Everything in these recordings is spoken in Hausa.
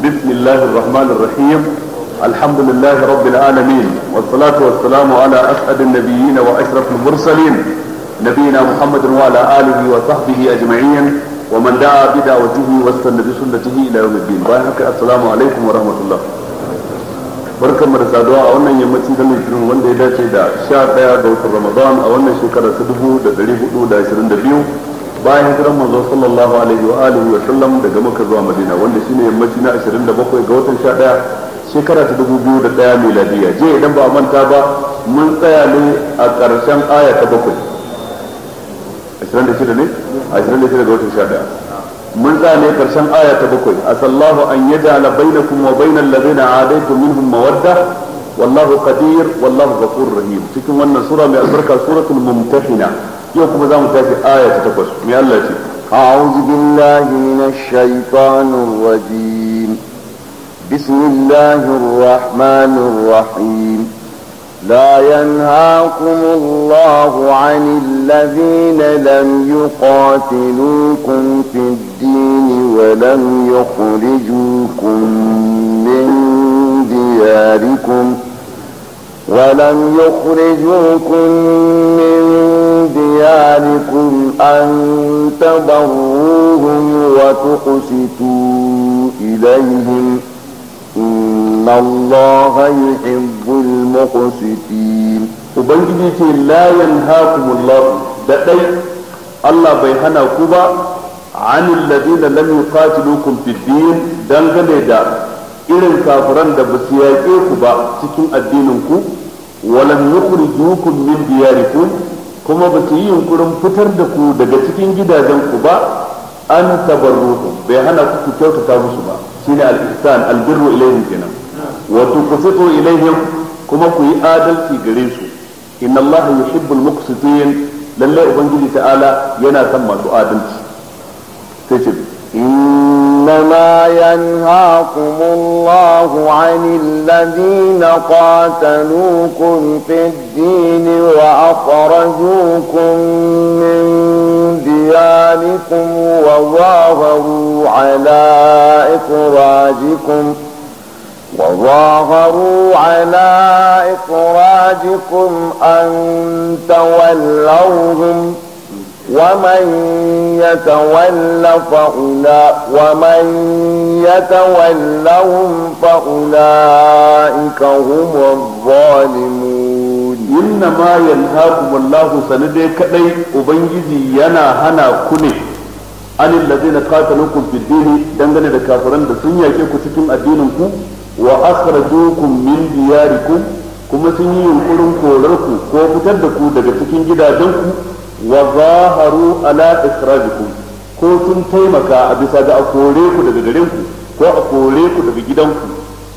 بسم الله الرحمن الرحيم الحمد لله رب العالمين والصلاة والسلام على أسعد النبيين وأشرف المرسلين نبينا محمد وعلى آله وصحبه أجمعين ومن دعا بدعوته واستنى بسنته إلى يوم الدين بارك السلام عليكم ورحمة الله barkan mu da saduwa a wannan yammaci da litinin wanda ya dace da sha ɗaya ga watan ramadan a wannan shekara ta dubu da ɗari hudu da ashirin da biyu bayan hijiran manzo sallallahu alaihi wa alihi wa sallam daga Makka zuwa Madina wanda shine yammaci na 27 ga watan 11 shekara ta 2001 miladiya je idan ba manta ba mun tsaya ne a ƙarshen aya ta 7 26 ne 26 ga watan 11 mun tsaya ne ƙarshen aya ta 7 asallahu an yaj'ala bainakum wa bainal ladina adaytum minhum mawadda wallahu qadir wallahu ghafurur rahim cikin wannan sura mai albarka suratul mumtahina yau kuma za mu tafi aya ta takwas mai Allah ce أعوذ بالله من الشيطان الرجيم بسم الله الرحمن الرحيم لا ينهاكم الله عن الذين لم يقاتلوكم في الدين ولم يخرجوكم من دياركم ۖ ولم يخرجوكم من دياركم أن تبروهم وتقسطوا إليهم إن الله يحب المقسطين Ubangiji ce la yanhaakumullahu da ɗai Allah bai hana ku ba anil ladina lam yuqatilukum fid din dangane da irin kafuran da ba su yaƙe ku ba cikin addinin ku walam yukhrijukum min diyarikum kuma ba yi yunkurin fitar da ku daga cikin gidajen ku ba an tabarruhu bai hana ku kyautata musu ba shine al-ihsan al-birru wato kenan wa tuqsitu ilayhim kuma ku yi adalci gare su inna allaha yuhibbul muqsitin lalle ubangiji ta'ala yana son masu adalci sai ce إنما ينهاكم الله عن الذين قاتلوكم في الدين وأخرجوكم من ديانكم وظاهروا على إخراجكم وظاهروا على إخراجكم أن تولوهم ۖ Wamman ya tsawon laun fa'ula, in kan humna bani muni. In na ma yanzu haku kaɗai ubangiji yana hana ku ne, an ɗan labin da dangane da kafaran da sun yake ku cikin addinin ku wa'asar dukun min ziyarinku, kuma sun yi yunƙurin ƙorarku ko fitar da ku daga cikin gidajenku. wa zaharu ala ikhrajikum ko sun taimaka a bisa ga a kore ku daga garin ku ko a kore ku daga gidan ku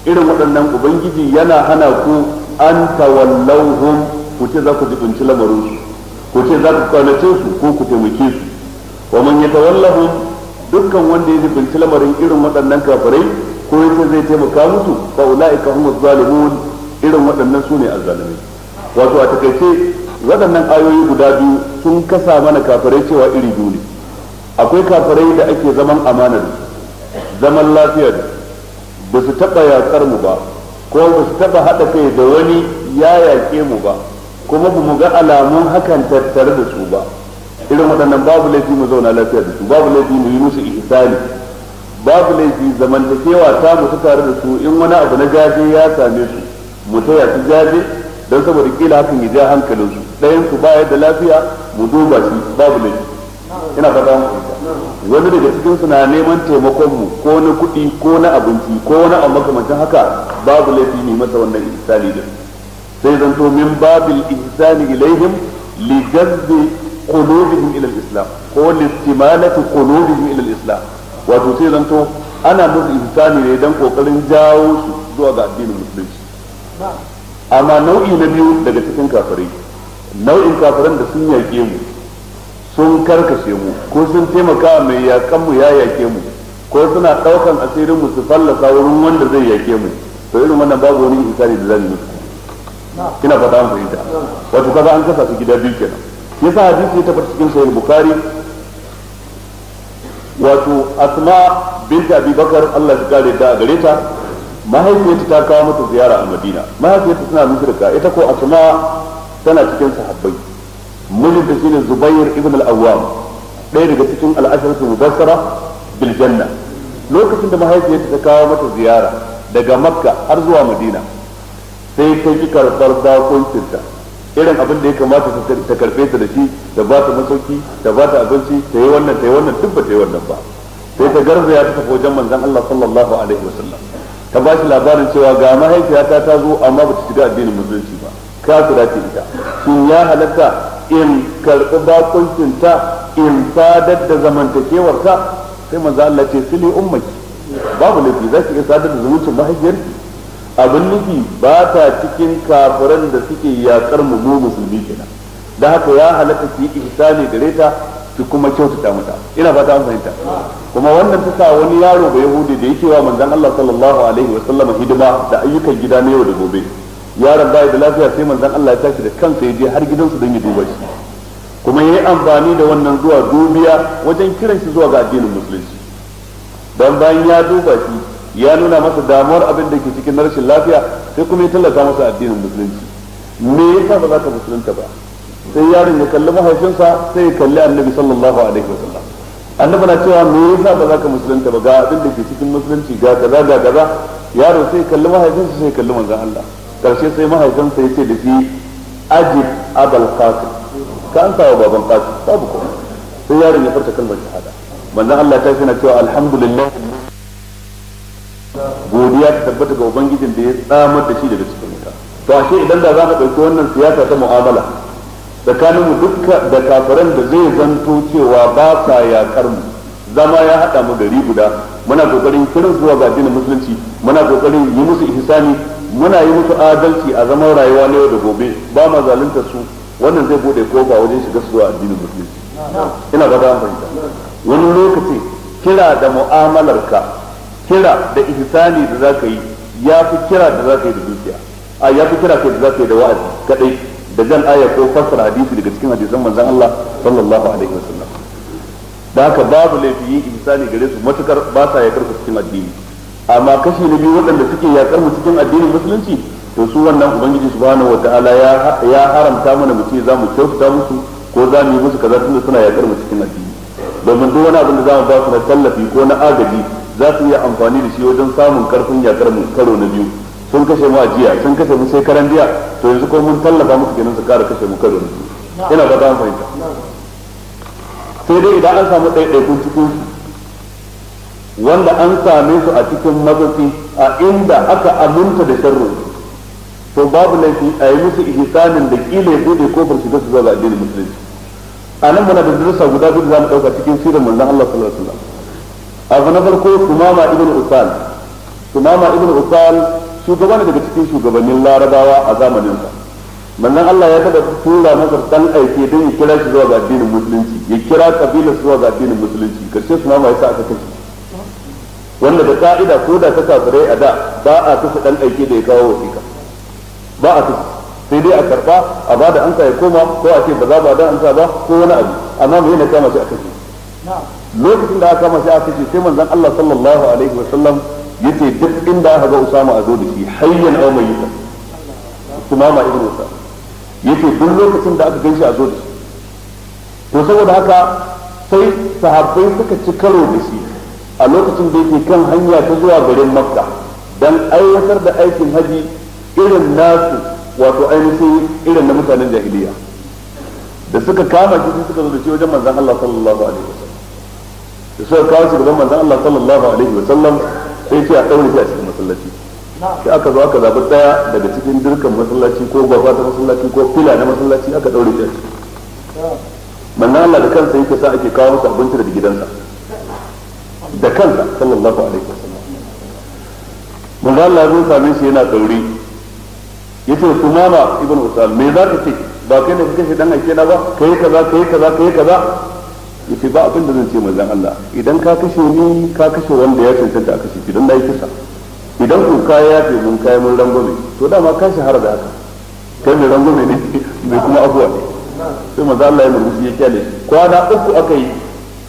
irin waɗannan ubangiji yana hana ku an tawallauhum ku ce za ku lamarin su ku ce za ku kwanace su ko ku taimake su wa man yatawallahum dukkan wanda ya jibinci lamarin irin waɗannan kafirai ko ce zai taimaka musu fa ulaika humuz zalimun irin waɗannan su ne azzalimai wato a takaice waɗannan ayoyi guda biyu sun kasa mana kafirai cewa iri biyu ne akwai kafirai da ake zaman amanar zaman lafiyar da ba su taɓa yaƙar mu ba ko ba su taɓa haɗa kai da wani ya yaƙe mu ba kuma ba mu ga alamun hakan tattare da su ba irin waɗannan babu laifi mu zauna lafiya da su babu laifi mu yi musu ihsani babu laifi zamantakewa ta mu tare da su in wani abu na gaje ya same su mu taya su gaje don saboda kila hakan ya ja hankalinsu ɗayan su baya da lafiya mu duba shi babu laifi ina fata wani daga cikin su na neman taimakon mu ko na kuɗi ko na abinci ko wani abu makamancin haka babu laifi ne masa wannan ihsani din sai zan to min babil ihsani ilaihim li jazbi qulubihim ila al-islam ko li istimalati qulubihim ila al-islam wato sai zan to ana musu ihsani ne dan kokarin jawo su zuwa ga addinin musulunci amma nau'i na biyu daga cikin kafirai nau'in kafiran da sun yaƙe mu sun karkashe mu ko sun taimaka mai yaƙan mu ya yaƙe mu ko suna ɗaukan asirin mu su fallasa wurin wanda zai yaƙe mu to irin wannan babu wani isari da zan yi ina fata mu fahimta wato kaza an kasa su gida biyu kenan yasa hadisi ya tabbata cikin sahih bukhari wato asma binta abi bakar Allah ya kare ta a gare ta mahaifiyarta ta kawo mata ziyara a madina mahaifiyarta suna musulunta ita ko asma tana cikin sahabbai mijinta shine Zubair ibn al-Awwam ɗaya daga cikin al-ashratu mubassara bil janna lokacin da mahaifiyarta ta kawo mata ziyara daga Makka har zuwa Madina sai ta ki karɓar ta irin abin da ya kamata ta karfe ta da shi da ba ta masauki da ba ta abinci ta yi wannan ta yi wannan duk ba ta yi wannan ba sai ta garzaya ya tafi wajen manzon Allah sallallahu alaihi wasallam ta ba shi labarin cewa ga mahaifiyata ta zo amma ba ta shiga addinin musulunci ba da ce ita in ya halatta in karɓi bakuncin ta in sadar da zamantakewar ta sai manzo Allah ce sili ummaki babu laifi za ki iya sadar da zumuncin mahaifiyarki abin nufi ba ta cikin kafiran da suke yakar mu mu musulmi kenan da haka ya halatta ki ihsani gare ta ki kuma kyautata mata ina fata an fahimta kuma wannan ta sa wani yaro ba yahudi da ya yake wa manzon Allah sallallahu alaihi wa sallam hidima da ayyukan gida na yau da gobe yaron bai da lafiya sai manzon Allah ya tashi da kansa ya je har gidansu don ya duba shi kuma yayi amfani da wannan zuwa dubiya wajen kiran shi zuwa ga addinin musulunci dan bayan ya duba shi ya nuna masa damuwar abin da ke cikin rashin lafiya sai kuma ya tallata masa addinin musulunci me yasa ba za ka musulunta ba sai yaron ya kalli mahaifinsa sai ya kalli annabi sallallahu alaihi wasallam annabi na cewa me yasa ba za ka musulunta ba ga abin da ke cikin musulunci ga kaza ga kaza yaro sai kalli mahaifinsa sai kalli manzon Allah karshe sai mahaifinsa ya ce da shi ajib abal qasim ka an sawa baban qasim babu ko sai yaron ya farta kalmar shahada manzon Allah ta fina cewa alhamdulillah godiya ta tabbata ga ubangijin da ya tsamar da shi daga cikin wuta to ashe idan da za ka ɗauki wannan siyasa ta mu'amala tsakanin mu dukka da kafiran da zai zanto cewa ba sa yakar mu zama ya haɗa mu gari guda muna kokarin kiran zuwa ga addinin musulunci muna kokarin yi musu ihsani muna yi musu adalci a zaman rayuwa na yau da gobe ba ma zalunta su wannan zai bude kofa wajen shiga su zuwa addinin musulunci ina ga da fahimta wani lokaci kira da mu'amalarka kira da ihsani da zaka yi ya fi kira da zaka yi da dukiya a ya fi kira kai da zaka yi da wa'azi kadai da jan aya ko fassara hadisi daga cikin hadisan manzon Allah sallallahu alaihi wasallam da haka babu laifi yin gare su matukar ba sa yakar su cikin addini amma kashi na biyu waɗanda suke yakar mu cikin addinin musulunci to su wannan ubangiji subhanahu wataala ya ya haramta mana mu ce za mu kyautata musu ko za mu yi musu kaza tunda suna yakar mu cikin addini domin duk wani abin da za mu ba su na tallafi ko na agaji za su iya amfani da shi wajen samun karfin yakar mu karo na biyu sun kashe mu a jiya sun kashe mu sai karan to yanzu ko mun tallafa musu kenan su kara kashe mu karo na biyu ina ba ta amfani sai dai idan an samu ɗaiɗaikun cikin su wanda an same su a cikin mazafi a inda aka aminta da sharru to babu laifi a yi musu ihsanin da kila ya bude kofar shiga su zuwa addinin musulunci a nan muna da darussa guda biyu za mu ɗauka cikin sirrin manzon Allah sallallahu alaihi wasallam abu na farko sumama ibn usal sumama ibn usal shugaba ne daga cikin shugabannin larabawa a zamaninsa manzon Allah ya kada tura masa dan aike don ya kira shi zuwa ga addinin musulunci ya kira kabila zuwa ga addinin musulunci karshe su ma yasa aka kashe wanda da ka'ida ko da ta kafirai a da ba a kashe dan aike da ya kawo wasiƙa ba a kashe sai dai a karba a ba da ansa ya koma ko a ce ba za ba dan ansa ba ko wani abu amma mu yana kama shi a kashe lokacin da aka kama shi a kashe sai manzon Allah sallallahu alaihi wa sallam yace duk inda aka ga Usama a zo da shi hayyan aw mayyitan ma ibnu Usama yake duk lokacin da aka gaishe a zo da shi to saboda haka sai sahabbai suka ci karo da shi a lokacin da yake kan hanya ta zuwa garin makka don aiwatar da aikin haji irin nasu wato ainihin irin na mutanen jahiliya da suka kama shi suka zo da shi wajen manzon Allah sallallahu alaihi wasallam da suka kawo shi gaban manzon Allah sallallahu alaihi wasallam sai ce a daure shi a cikin masallaci sai aka zo aka zaɓi ɗaya daga cikin dukkan masallaci ko gwafa ta masallaci ko fila na masallaci aka ɗaure shi manna Allah da kansa yake sa ake kawo masa abinci daga gidansa da kansa sallallahu alaihi wasallam manzo Allah ya zo same shi yana ɗaure yace mama ibn usal me za ka ce ba kai ne kake shi dan ake na ba kai kaza kai kaza kai kaza yace ba abin da zan ce manzon Allah idan ka kashe ni ka kashe wanda ya cancanta a kashe shi idan dai kisa idan ku kaya ya fi mun kaya mun rangwame to dama ka shahara da haka kai mai rangwame ne mai kuma abuwa ne sai manzo Allah ya murmushi ya kyale kwana uku aka yi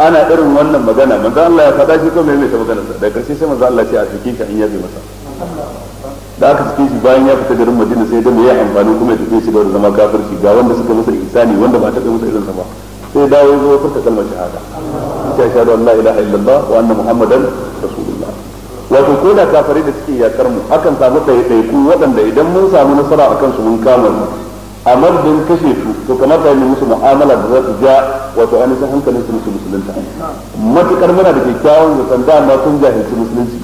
ana irin wannan magana manzo Allah ya faɗa shi ko mai mai ta magana da karshe sai manzo Allah ya ce a cikin shi an yabe masa da aka cikin shi bayan ya fita garin Madina sai da ya amfani kuma ya tafi shi da zama kafirci ga wanda suka masa ihsani wanda ba ta kai masa irin sa ba sai dawo zo furta kalmar shahada sai ya shahada Allah ilaha illallah wa anna muhammadan rasulullah wato ko da kafare da suke yakar mu akan samu ɗaiɗaiku waɗanda idan mun samu nasara a kansu mun kama mu a madadin kashe su to kamata yi musu mu'amala da za su ja wato ainihin hankalin su musu musulunta matukar muna da kyakkyawan zaton dama sun jahilci musulunci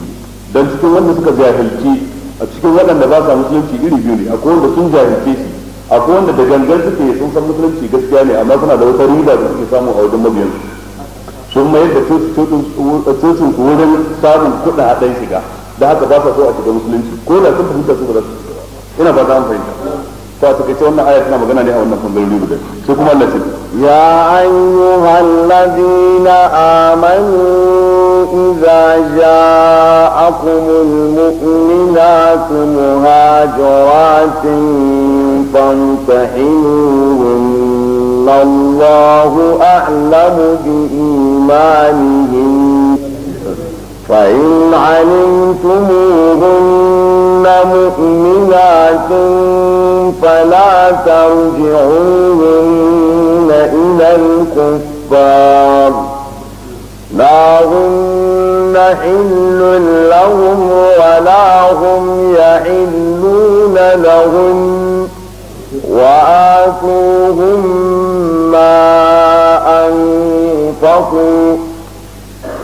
dan cikin wanda suka jahilci a cikin waɗanda ba sa musulunci iri biyu ne akwai wanda sun jahilce shi akwai wanda da gangan suke sun san musulunci gaskiya ne amma suna da wata riba da suke samu a wajen mabiyansu sun mayar da cocin wurin samun kuɗaɗen shiga da haka ba sa so a shiga musulunci ko da sun fahimta su ba za su shiga ina ba za mu fahimta to a takaice wannan aya tana magana ne a wannan bangarori da su kuma Allah ce يا أيها الذين آمنوا إذا جاءكم المؤمنات مهاجرات فامتحنوهن الله أعلم بإيمانهم فإن علمتموهن مؤمنات فلا ترجعوهن إلى الكفار لا هن حل لهم ولا هم يحلون لهم وآتوهم تنفقوا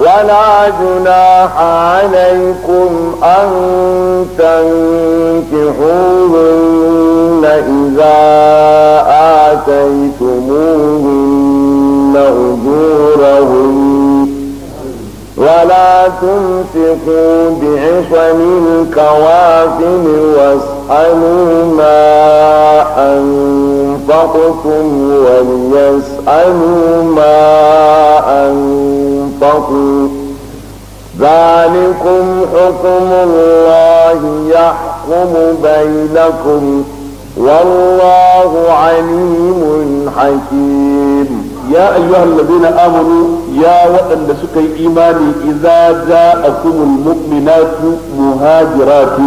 ولا جناح عليكم أن تنكحوهن إذا آتيتموهن أجورهن ولا تمسكوا بعصم الكوافر والسلام ليسألوا ما أنفقتم وليسألوا ما أنفقوا ذلكم حكم الله يحكم بينكم والله عليم حكيم يا أيها الذين آمنوا يا وأن سكي إيماني إذا جاءكم المؤمنات مهاجرات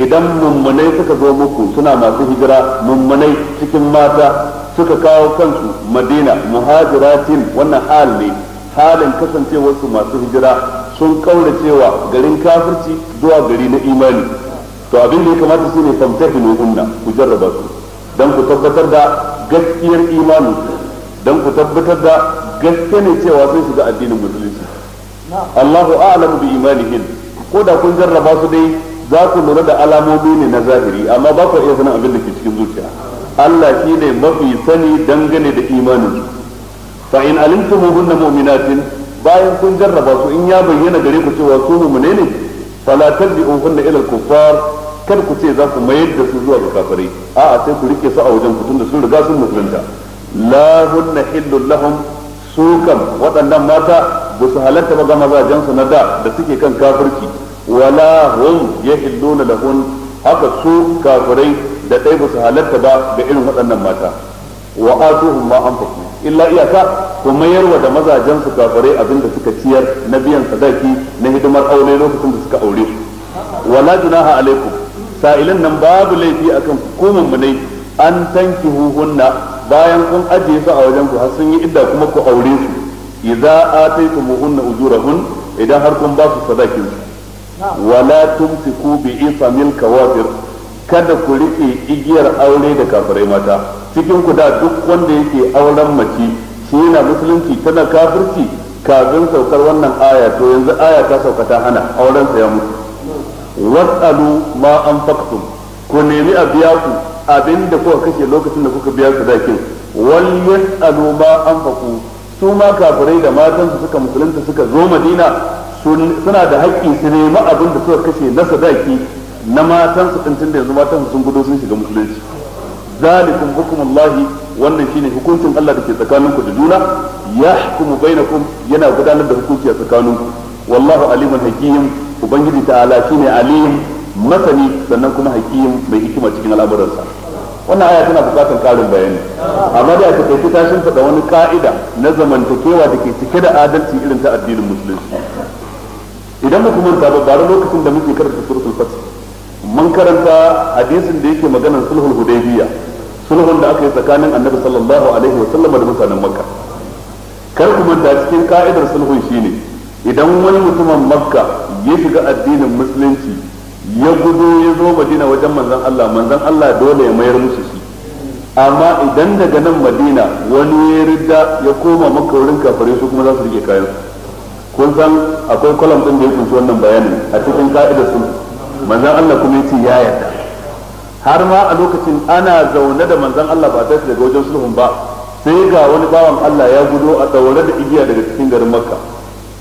idan mummunai suka zo muku suna masu hijira mummunai cikin mata suka kawo kansu madina muhajiratin wannan hal ne halin kasancewarsu masu hijira sun kaura cewa garin kafirci zuwa gari na imani to abin da ya kamata su ne famtahinu hunna ku jarraba su don ku tabbatar da gaskiyar imanin don ku tabbatar da gaske ne cewa sun shiga addinin musulunci Allahu a'lamu bi imanihin ko da kun jarraba su dai za ku lura da alamomi ne na zahiri amma ba ku iya sanin abin da ke cikin zuciya Allah shi ne mafi sani dangane da imanin fa in hunna mu'minatin bayan kun jarraba su in ya bayyana gare ku cewa su mu'mine ne fala hunna ila al-kuffar kar ku ce za ku mayar da su zuwa ga kafirai a'a sai ku rike su a wajen ku tunda sun riga sun musulunta la hunna hillul lahum su kam waɗannan mata ba su halatta ba ga mazajen su na da da suke kan kafirci wala hum yahilluna lahun haka su kafirai da ɗai ba su halatta ba da irin waɗannan mata wa atuhum ma anfaqu illa iyaka ku wa da mazajen su abin da suka ciyar na biyan sadaki na hidimar aure lokacin da suka aure wala junaha alaikum sa'ilan nan babu laifi akan hukumar mu ne an tankihu hunna bayan kun ajiye su a wajen ku har sun yi idda kuma ku aure su idza ataytumuhunna ujurahun idan har kun ba su sadakin su wala tumsiku bi isamil kawafir kada ku rike igiyar aure da kafirai mata cikin ku da duk wanda yake auren mace shi yana musulunci tana kafirci kafin saukar wannan aya to yanzu aya ta sauka ta hana auren sa ya mutu wasalu ma anfaqtum ku nemi a biya ku abinda kuka kashe lokacin da kuka biya zakin wal yasalu ma anfaqu su ma kafirai da matan su suka musulunta suka zo madina suna da haƙƙi su nemi abin da suka kashe na sadaki na matan su tun da yanzu matan sun gudu sun shiga musulunci zalikum hukumullahi wannan shine hukuncin Allah da ke tsakaninku da juna yahkumu bainakum yana gudanar da hukunci a tsakaninku wallahu alimun hakim ubangiji ta'ala shine alim masani sannan kuma hakim mai hikima cikin al'amuransa wannan aya tana bukatar karin bayani amma da aka kai ta shin faɗa wani ka'ida na zamantakewa da ke cike da adalci irin ta addinin musulunci idan muka manta ba bare lokacin da muke karanta suratul fath mun karanta hadisin da yake maganar sulhul hudaybiyya sulhun da aka yi tsakanin annabi sallallahu alaihi wa sallam da mutanen makka kar ku manta cikin ka'idar sulhun shine idan wani mutumin makka ya shiga addinin musulunci ya gudu ya zo madina wajen manzon Allah manzon Allah dole ya mayar musu shi amma idan daga nan madina wani ya rida ya koma makka wurin kafare su kuma za su rike kayan kun san akwai kwalam din da ya kunshi wannan bayanin a cikin ka'idar sun manzan Allah kuma ya ce ya yarda har ma a lokacin ana zaune da manzan Allah ba tashi daga wajen sulhun ba sai ga wani bawan Allah ya gudo a daure da igiya daga cikin garin Makka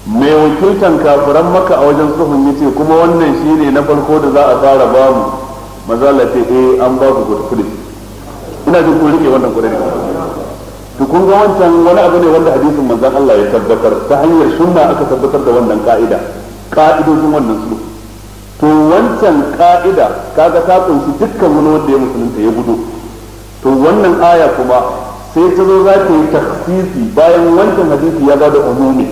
mai wakiltan kafiran Makka a wajen sulhun yace kuma wannan shine na farko da za a fara bamu manzan Allah ce eh an ba ku gudu ina jin ku rike wannan gudu to kun ga wancan wani abu ne wanda hadisin manzon Allah ya tabbatar ta hanyar sunna aka tabbatar da wannan ka'ida ka'idojin wannan su to wancan ka'ida kaga ta kunshi dukkan wani wanda ya musulunta ya gudu to wannan aya kuma sai ta zo za ta yi takhsisi bayan wancan hadisi ya bada umumi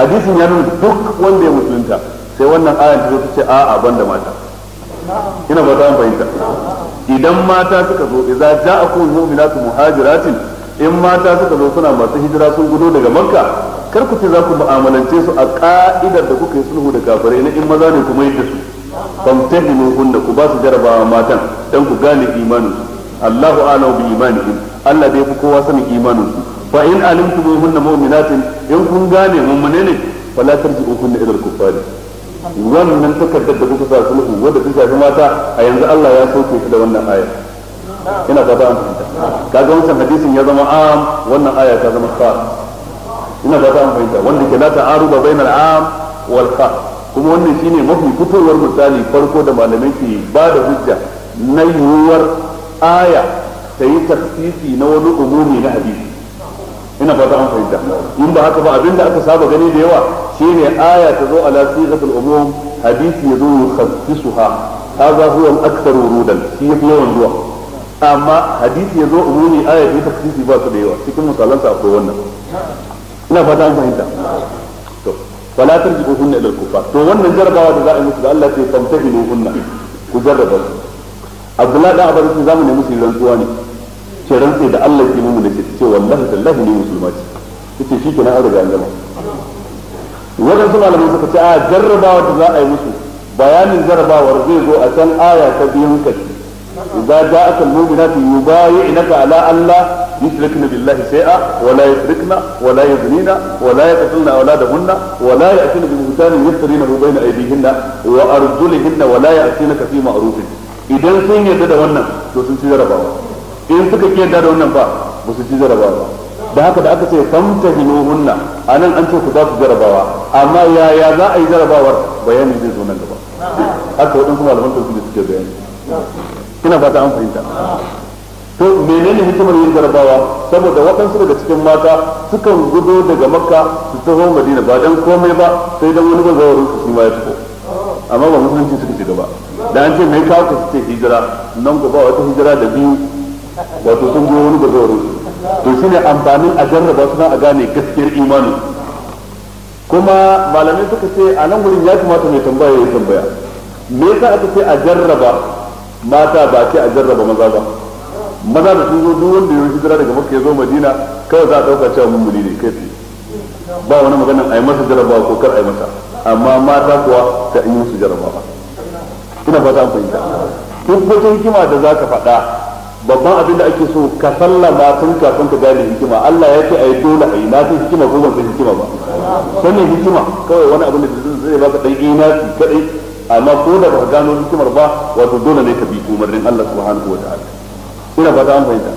hadisin ya nuna duk wanda ya musulunta sai wannan ayan ta zo ta ce a'a banda mata ina ba ta fahimta idan mata suka zo idza ja'akum mu'minatu muhajiratin in mata suka zo suna masu hijira sun gudo daga makka kar ku ce za ku mu'amalance su a ka'idar da kuka yi sulhu da kafirai na in maza ne ku mai da su famtahinu hunna ku ba su jarabawa matan dan ku gane imanin su Allahu a'lam bi imanihim Allah bai fi kowa sanin imanin su fa in hunna mu'minatin in kun gane mummune ne fala tarji'uhunna ila al-kuffari wannan takardar da kuka sa sulhu wanda ta shafi mata a yanzu Allah ya sauke shi da wannan aya ina ba an fahimta kaga wancan hadisin ya zama am wannan aya ta zama khas ina ba ta an wanda ke la ta'aruba bainal am wal khas kuma wannan shine mafi fitowar misali farko da malamai ke ba da hujja na yiwuwar aya ta yi tafsiri na wani umumi na hadisi ina fata an fahimta in ba haka ba abinda aka saba gani da yawa shine aya ta zo ala sigatul umum hadisi ya zo yukhassisuha hadha huwa al-akthar rudan shi yafi yawan zuwa amma hadisi ya zo umumi aya ta tafsiri ba su da yawa cikin misalan sa akwai wannan ina fata an fahimta to fala tarji'u hunna ila al-kufar to wannan jarabawa da za a yi musu da Allah sai famtahilu hunna ku jarraba su Abdullah da Abbas za mu nemi su rantsuwa ne ce rantsi da Allah ke mu da ce ce wallahi tallahi ne musulma ce kace shi kenan an riga an gama su malamin suka ce a jarrabawa da za a yi musu bayanin jarabawar zai zo a can aya ta biyun kashi idza ja'aka al ina ka ala Allah yushrikna billahi sai a la yushrikna wa la yuzinina wa la yaqtulna awladahunna wa la ya'tina bi bayna wa arjulihinna fi idan sun yarda da wannan to sun ci jarabawa in suka ki yarda da wannan ba ba su ci jarabawa da haka da aka ce famtahinuhunna anan an ce ku za su jarabawa amma yaya za a yi jarabawar bayani zai zo nan gaba haka waɗansu malaman tausiri suke bayani kina fata an fahimta to menene hikimar yin jarabawa saboda waɗansu daga cikin mata sukan gudo daga makka su taho madina ba dan komai ba sai dan wani bazawarin su ma ya taho amma ba musulunci suka shiga gaba da an ce mai kawo ka su ce hijira nan gaba wata hijira da biyu wato sun biyo wani bazawarin su to shine amfanin a jarraba suna a gane gaskiyar imani kuma malamai suka ce a nan wurin ya kamata mai tambaya ya tambaya me yasa aka ce a jarraba mata ba ce a jarraba maza ba maza da sun zo duk wanda ya hijira daga makka ya zo madina kawai za a dauka cewa mun muni ne kai ba wani magana a yi masa jarrabawa ko kar a yi masa amma mata kuwa ta yi musu jarrabawa ina fata an fahimta duk wata hikima da za ka faɗa babban abin da ake so ka sallama tun kafin ka gane hikima Allah ya ce a yi dole a yi na san hikima ko ban san hikima ba sannan hikima kawai wani abin da zai baka ɗan inati kaɗai amma ko da ba gano hikimar ba wato dole ne ka bi umarnin Allah subhanahu wa ta'ala ina ba ta fahimta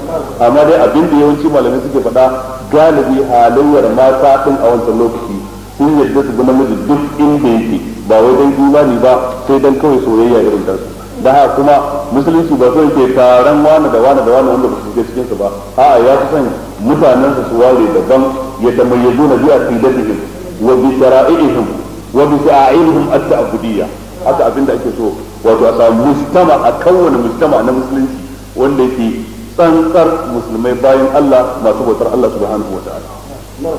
amma dai abin da yawanci malamai suke faɗa galibi halayyar mata din a wancan lokaci sun yarda su bi namiji duk inda yake ba wai dan imani ba sai dan kawai soyayya irin ta su da haka kuma musulunci ba so yake taron wani da wani da wani wanda ba su je cikin su ba a'a ya fi son mutanen su ware daban ya tamayyazuna da su wa bi shara'ihim wa bi sa'ihim at-ta'budiyya haka abin da ake so wato a samu mustama a kowane mustama na musulunci wanda yake tsantsar musulmai bayan Allah masu bautar Allah subhanahu wa ta'ala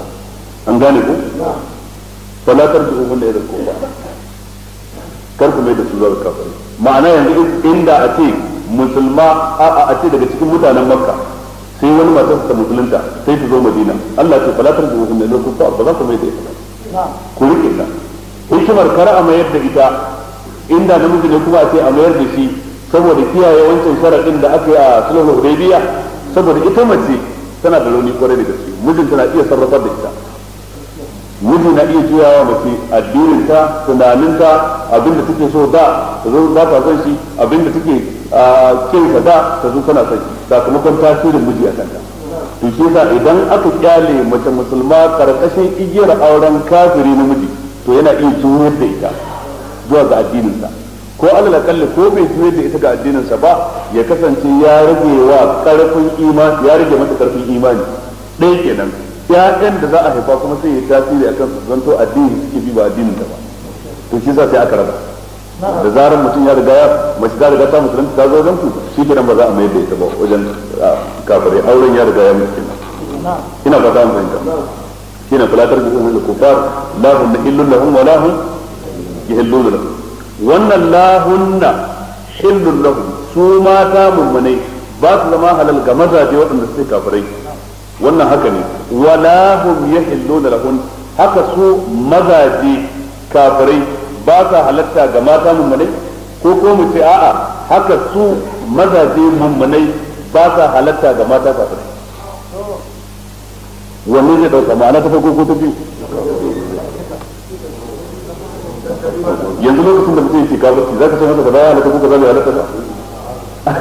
an gane ku fala tarji'u hunna ila al-kufar kar ku mai da su zuwa kafirai ma'ana yanzu inda a ce musulma a a ce daga cikin mutanen makka sai wani matar ta musulunta sai ta zo madina Allah ce falatar da hunna da ya zarko ba za ku mai da ita ku rike ta hikimar kar'a a mayar da ita inda namiji ne kuma a ce a mayar da shi saboda kiyaye wancan sharaɗin da aka yi a sulhul hudaybiya saboda ita mace tana da rauni kwarai da gaske mijinta na iya sarrafar da ita miji na iya juyawa mace addinin ta abin abinda take so da ta zo za ta san shi abinda take kinsa da ta zo tana kuma sakamakon tasirin miji a kanta to shi yasa idan aka kyale mace musulma karkashin igiyar auren kafiri namiji to yana iya juyar da ita zuwa ga addininsa ko alal ko bai juyar da ita ga addininsa ba ya kasance ya rage wa karfin imani ya rage mata karfin imani ɗaya kenan ƴaƴan da za a haifa kuma sai ya tasiri akan su zanto addini suke bi ba addinin ba to shi yasa sai aka raba da zarar mutum ya riga mace ta riga ta musulunci ta zo zanku shi kenan ba za a mayar da ita ba wajen kafirai auren ya riga ya mutu kenan ina ba za mu fahimta shine falatar da sunan kufar lahum illun lahum wa lahum yahilluna lahu wannan lahunna حل lahu su mata mummunai ba su zama halal ga mazaje waɗanda suke kafirai wannan haka ne wala hum yahilluna lahun haka su mazaje kafirai ba sa halatta ga mata mummunai ko ko mu ce a'a haka su mun mummunai ba sa halatta ga mata kafirai wannan ko ta yanzu lokacin da mutum yake kafirci ka ce masa kaza ya halatta ko kaza bai halatta ba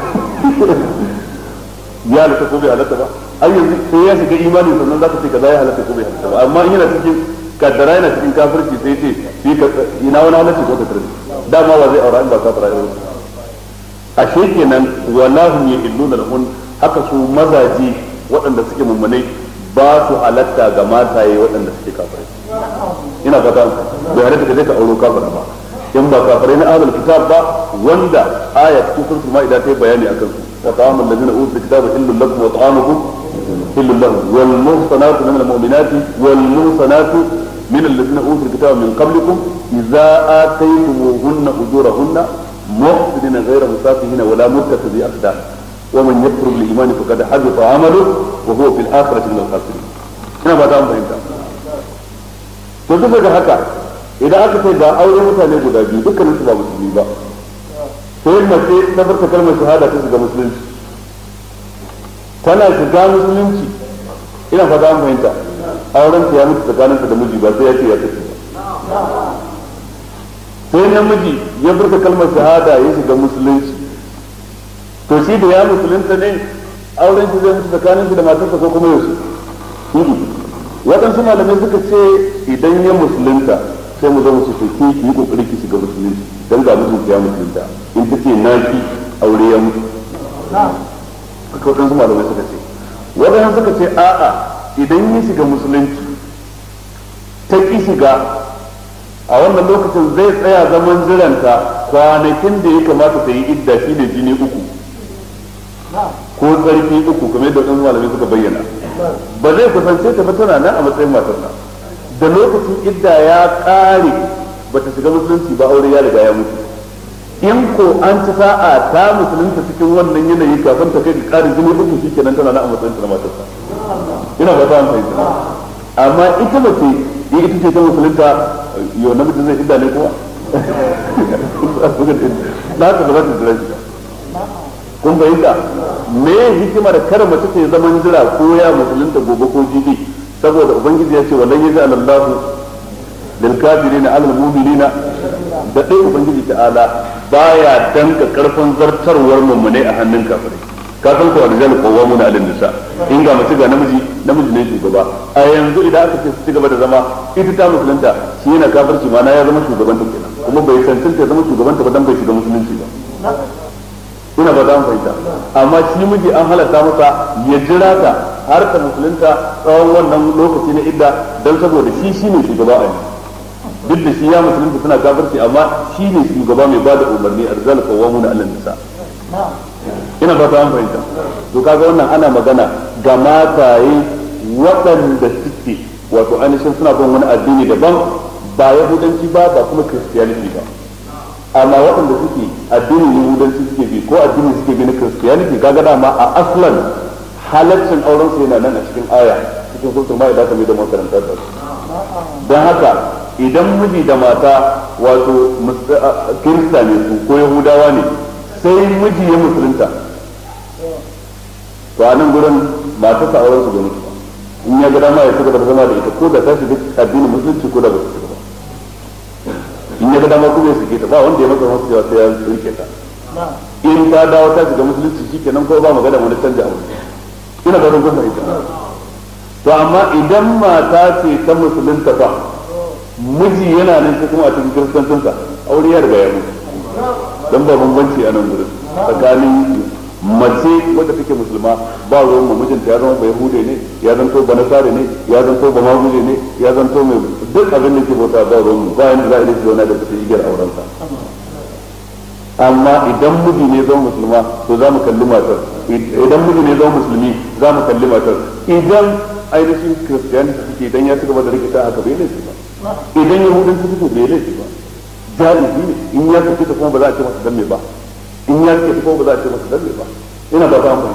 ya halatta ko bai halatta ba ai yanzu sai ya shiga imani sannan ka ce kaza ya halatta ko bai halatta ba amma in yana cikin kaddara yana cikin kafirci sai ce sai ka ina wani halatta ko ka tarbi dama wa zai aura in ba kafira a ashe wallahu ya illuna lahun haka su mazaji waɗanda suke mummunai ba su halatta ga mataye waɗanda suke kafirci ina fata bai halatta da ka auro kafara ba in ba kafirai na ahlul kitab ba wanda aya cikin suratul maida ta yi bayani akan su wa ta'amul ladina utul kitaba illal lakum wa ta'amukum illal lahum wal muhsanatu min al mu'minati wal muhsanatu من الذين اوتوا الكتاب من قبلكم اذا اتيتموهن اجورهن محسنين غير مسافهين ولا متخذي اقدام ومن يكفر بالايمان فقد حبط عمله وهو في الاخره من الخاسرين. هنا بعد ان فهمت. to da haka idan aka ce ga aure mutane guda biyu dukkanin su ba musulmi ba sai mace ta farka kalmar shahada ta shiga musulunci tana shiga musulunci ina fata an fahimta auren ta ya mutu tsakaninsa da miji ba sai ya ce ya tafi sai namiji ya furta kalmar shahada ya shiga musulunci to shi da ya musulunta ne auren shi zai mutu tsakanin da matarsa ko kuma yaushe waɗansu malamai suka ce idan ya musulunta sai mu zama su soke ki yi kokari ki shiga musulunci don ga mutum ya musulunta in ta ce ki aure ya mutu kaka waɗansu malamai suka ce waɗansu suka ce a'a idan ya shiga musulunci ta ki shiga a wannan lokacin zai tsaya zaman jiranta kwanakin da ya kamata ta yi idda shi da jini uku ko tsarki uku kamar da wadansu malamai suka bayyana ba zai kusance ta ba nan a matsayin matarsa da lokacin idda ya kare ba ta shiga musulunci ba aure ya riga ya mutu in ko an ci sa'a ta musulunta cikin wannan yanayi kafin ta kai ga karin jini uku shikenan tana nan a matsayin ta matarsa ina ba ta amfani amma ita mace in ita ce ta musulunta yau namiji zai idda ne kuma na ka gaba da kun fahimta me hikimar kar mace ta zaman jira ko ya musulunta gobe ko jibi saboda ubangiji ya ce wallan yaji alallahu lil kafirin al mu'minina da dai ubangiji ta'ala baya danka karfin zartarwar mummune a hannun kafirai ka san ko rijal qawwamuna 'ala nisa in ga mace ga namiji namiji ne shugaba a yanzu idan aka ce su ci gaba da zama ita ta musulunta shi yana kafirci ma na ya zama shugaban ta kenan kuma bai san ya zama shugaban ta ba dan bai shiga musulunci ba ina ba za mu amma shi miji an halatta masa ya jira ta har ta musulunta tsawon wannan lokaci na idda don saboda shi shi ne shugaba a yanzu duk da shi ya musulunta suna kafirci amma shi ne shugaba mai da umarni arzal kawamu na allan nisa ina ba ta fahimta to kaga wannan ana magana ga mataye waɗanda suke wato ainihin suna bin wani addini daban ba yahudanci ba ba kuma kiristiyaniti ba amma waɗanda suke addinin yahudanci suke bi ko addinin suke bi na kiristiyaniki kaga dama a aslan halaccin auren su yana nan a cikin aya cikin sultan ma'ida kamar da makarantar da don haka idan miji da mata wato kirista ne su ko yahudawa ne sai miji ya musulunta to a nan gurin mata sa auren su da mutu in ya ga dama ya suka da zama da ita ko da ta shiga addinin musulunci ko da ba su ya ga dama kuma ya sake ta ba wanda ya maka wasu cewa sai ya rike ta in ta dawo ta shiga musulunci shi shikenan ko ba magana wani canja abu ina da rubutun fahimta to amma idan mata ce ta musulunta ba miji yana nan ko kuma a cikin kiristancinsa aure ya riga ya mutu dan ba bambanci a nan gudun tsakanin mace wadda take musulma ba ruwan mu mijinta ya zama ba hude ne ya zanto ba nasare ne ya zanto ba maguje ne ya zanto mai duk abin da ke bauta ba ruwan mu bayan da za a yi zauna da ta igiyar aurensa amma idan miji ne zama musulma to za mu kalli matar idan miji ne zama musulmi za mu kalli matar idan ainihin kiristiyanci suke idan ya gaba da rikita aka bai laifi ba idan yahudanci suke bai laifi ba jalibi ne in ya suke ta kuma ba za a ce masa dan me ba in ya ce ko ba za a ce masa dalle ba ina ba ta yi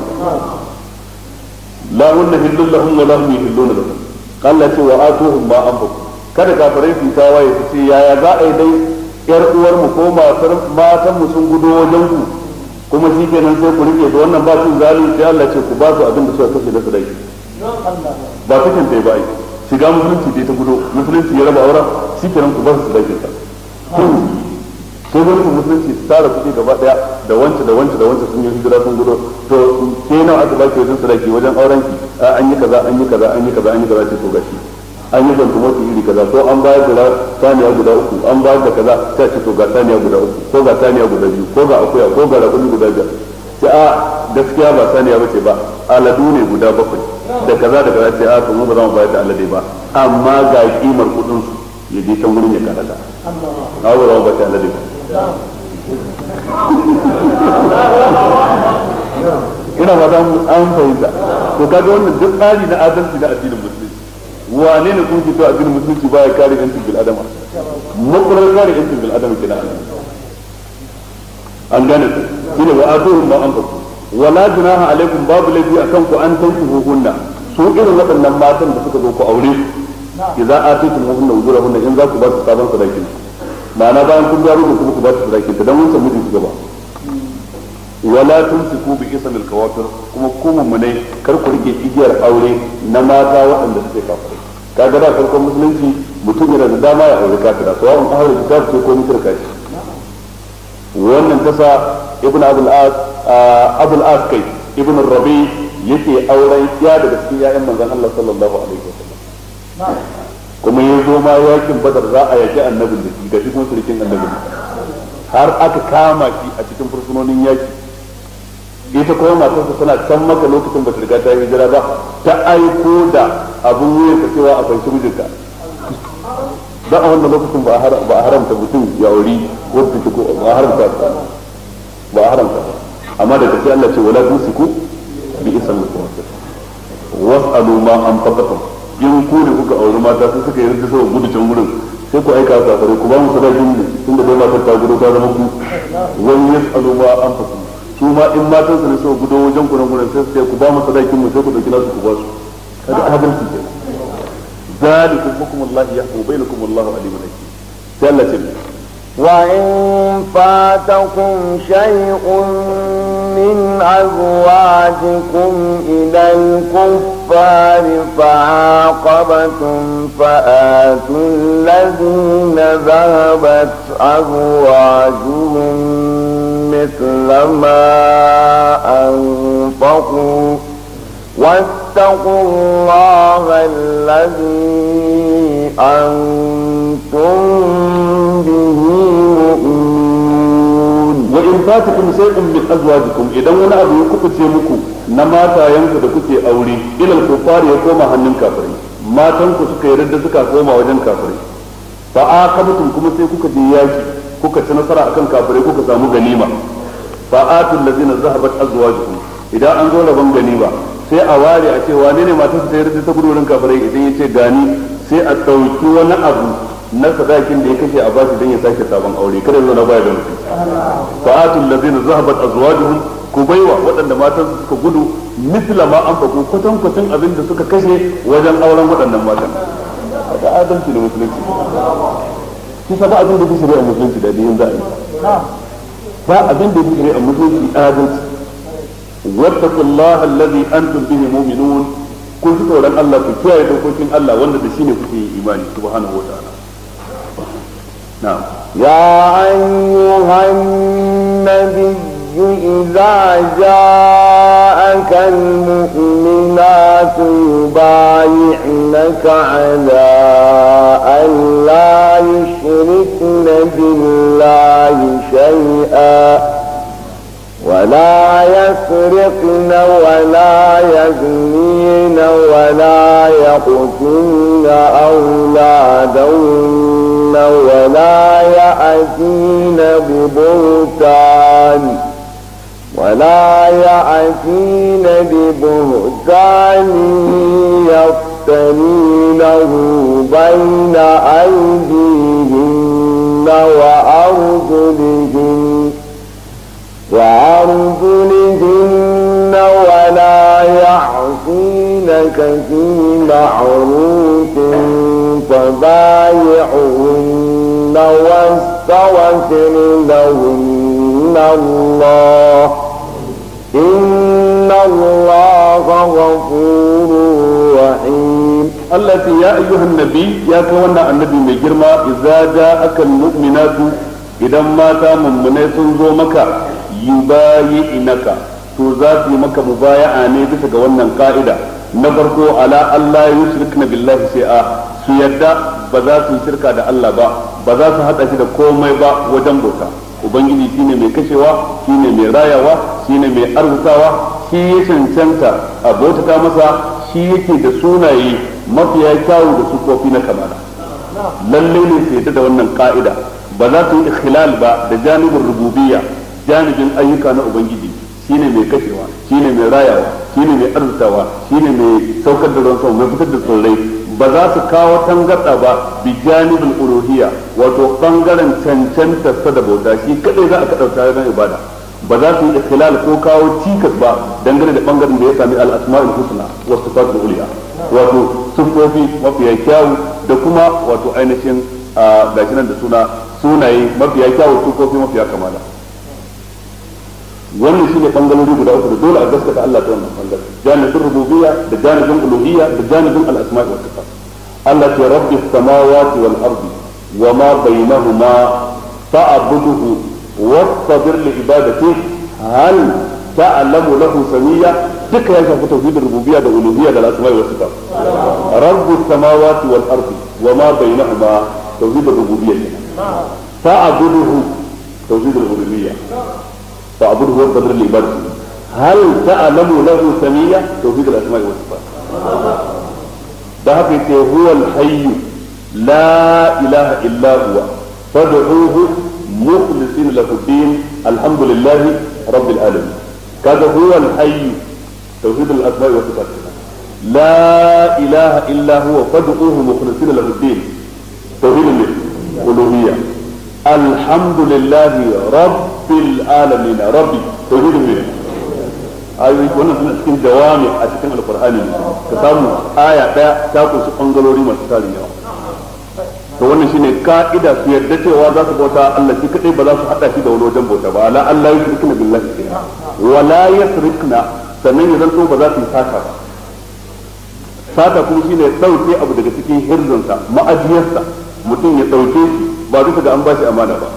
la wanda hillun lahum wa lahum yahilluna lahum Allah ce wa atuhum ba anfaku kada kafirai su tawaye su ce yaya za a yi dai yar uwar mu ko matan mu sun gudo wajen ku kuma shi kenan sai ku rike da wannan ba su zalunci Allah ce ku ba su abin da suka kashe da sadaki ba kakin bai ba shiga musulunci dai ta gudo musulunci ya raba aura shi kenan ku ba su sadakin ta ko gwamnatin musulunci su tara kuɗi gaba ɗaya da wancan da wancan da wancan sun yi hijira sun gudu to ke nan aka baki wajen sadaki wajen auren ki an yi kaza an yi kaza an yi kaza an yi kaza ce gashi an yi zantu wasu iri kaza ko an bayar da saniya guda uku an bayar da kaza ta ce to ga saniya guda uku ko ga saniya guda biyu ko ga akuya ko ga rakuni guda biyar ce a gaskiya ba saniya bace ba aladu ne guda bakwai da kaza da kaza ce a to mu ba za mu bayar da alade ba amma ga kimar kudin su ya je can wurin ya karata na wurawa ba ta alade ba ina fata an fahimta to kaga wannan duk tsari na adalci na addinin musulunci wane ne kun fito addinin musulunci baya kare yancin bil adama makurar kare yancin bil adama kenan an gane ku shine wa atuhum ma anfaqu wala junaha alaikum babu laifi akan ku an tanki hukunna su irin waɗannan matan da suka zo ku aure idza atitum hunna ujurahunna in za ku ba su sabon sadakin su ma'ana bayan kun gano da kuma ku ba ta sadakin ta dan wancan mijin gaba wala tun su bi ismil kawatir kuma ku mummune kar ku rike igiyar aure na mata waɗanda suke kafirai k'a da farkon musulunci mutum yana da dama ya aure kafira sawa'un ahlul ta ce ko mutar ce wannan tasa ibn abul as abul as kai ibn rabi yake auren ya daga cikin ya'yan manzon Allah sallallahu alaihi wasallam kuma ya zo ma yakin badar za a yaki annabin da shi gashi kuma sarkin annabin har aka kama shi a cikin fursunonin yaki ita kuma matarsa tana can maka lokacin ta riga ta yi jira ba ta aiko da abin wuyan ka cewa a fanshi mijinta da a wanda lokacin ba a haramta mutum ya wuri wadda ta ko ba a haramta ba a haramta amma da kace Allah ce wala ku bi isal mutum wasu aluma an fafafa in ku da kuka auri mata sai suka yarda sai gudu can gurin sai ku aika ka fare ku ba mu sadakin ne tunda dai matar ta gudu ta zama ku wani yasalu ma an fasu su ma in matan su ne sai gudu wajen ku nan gurin sai sai ku ba mu sadakin mu sai ku dauki nasu ku ba su kada adalci ke zalikum hukmullahi yahkum bainakum wallahu alimul hakim sai Allah ce وإن فاتكم شيء من أزواجكم إلى الكفر الكفار فعاقبتم فآتوا الذين ذهبت أزواجهم مثل ما أنفقوا واتقوا الله الذي أنتم به مؤمنون in fatikum shay'un min azwajikum idan wani abu ya ce muku na matayenku da kuke aure ilal kufari ya koma hannun kafiri matan ku suka yarda suka koma wajen kafiri fa aqabtum kuma sai kuka je yaki kuka ci nasara akan kafirai kuka samu ganima fa atul ladzina zahabat azwajikum idan an zo rabon ganima sai a ware a ce wane ne matan su ta yarda ta gudu wurin kafirai idan yace gani sai a ɗauki wani abu na sadakin da ya kashe a bashi don ya sake sabon aure kada yanzu na baya da mutum fa'atul ladzina zahabat azwajuhum ku baiwa waɗanda matan suka gudu misla ma an faku kwatan kwatan abin da suka kashe wajen auren waɗannan matan ta adalci da musulunci shi sa ba abin da kusa a musulunci da yin za'a ba abin da kusa a musulunci adalci wattaqullaha alladhi antum bihi mu'minun kun ji tsoron Allah ku kiyaye dokokin Allah wanda da shine kuke imani subhanahu wa ta'ala نعم يا أيها النبي إذا جاءك المؤمنات يبايعنك على أن لا يشركن بالله شيئا ولا يسرقن ولا يزنين ولا يقتلن أولادهن ولا يأتين ببهتان ولا يأتين ببهتان يفتنينه بين أيديهن وأرجلهن وأرجلهن ولا يعصينك في معروف فبايعهن واستغفر لهن الله إن الله غفور رحيم التي يا أيها النبي يا كون النبي مجرما إذا جاءك المؤمنات إذا مات من منيس مكة inaka to za su yi maka mubaya'a ne bisa ga wannan ka'ida na farko ala Allah na billahi a su yadda ba za su shirka da Allah ba ba za su hada shi da komai ba wajen bauta ubangiji shine mai kashewa shine mai rayawa shine mai arzutawa shi ya cancanta a bautata masa shi yake da sunaye mafiya kyawu da kofi na kamara lalle ne su yadda da wannan ka'ida ba za su yi ikhlal ba da janibin rububiyya janibin ayyuka na ubangiji shine mai kashewa shine mai rayawa shine mai arzikawa shine mai saukar da ruwan sama mai fitar da tsirrai ba za su kawo tangarda ba bi janibin uruhiya wato bangaren cancanta ta da bauta shi kadai za a kada tare da ibada ba za su yi ikhlal ko kawo cikas ba dangane da bangaren da ya sami al-asma'ul husna wa sifatul ulia wato sufofi mafiya kyawu da kuma wato ainihin ah, gashi nan da suna sunaye mafiya kyawu sufofi mafiya kamala wannan shi ne bangalori guda uku da dole a gaskata Allah ta wannan bangare janibin rububiyya da janibin uluhiyya da janibin al-asma'i wa sifat Allah ta rabbi samawati wal ardi wa ma bainahuma fa'budhu wastabir li ibadatihi hal ta'lamu lahu samiyya duka ya shafi tauhidin rububiyya da uluhiyya da al wa sifat rabbi samawati wal ardi wa ma bainahuma tauhidin rububiyya fa'budhu tauhidin uluhiyya فاعبده هو اللي لعبادته هل تعلم له سمية توحيد الأسماء والصفات ده هو الحي لا إله إلا هو فادعوه مخلصين له الدين الحمد لله رب العالمين كذا هو الحي توحيد الأسماء والصفات لا إله إلا هو فادعوه مخلصين له الدين توحيد الألوهية الحمد لله رب fil alamin rabbi tauhidin ne ayoyi wannan suna cikin dawami a cikin alqur'ani ka samu aya daya ta kunshi bangalori masu tarin yawa to wannan shine ka'ida su yarda cewa za su bauta Allah shi kadai ba za su hada shi da wani wajen bauta ba la Allah yushrikna billahi shay'a wa la yusrikna sannan ya to ba za su yi sata ba sata kuma shine dauke abu daga cikin hirzansa ma'ajiyarsa mutum ya dauke shi ba duka ga an bashi amana ba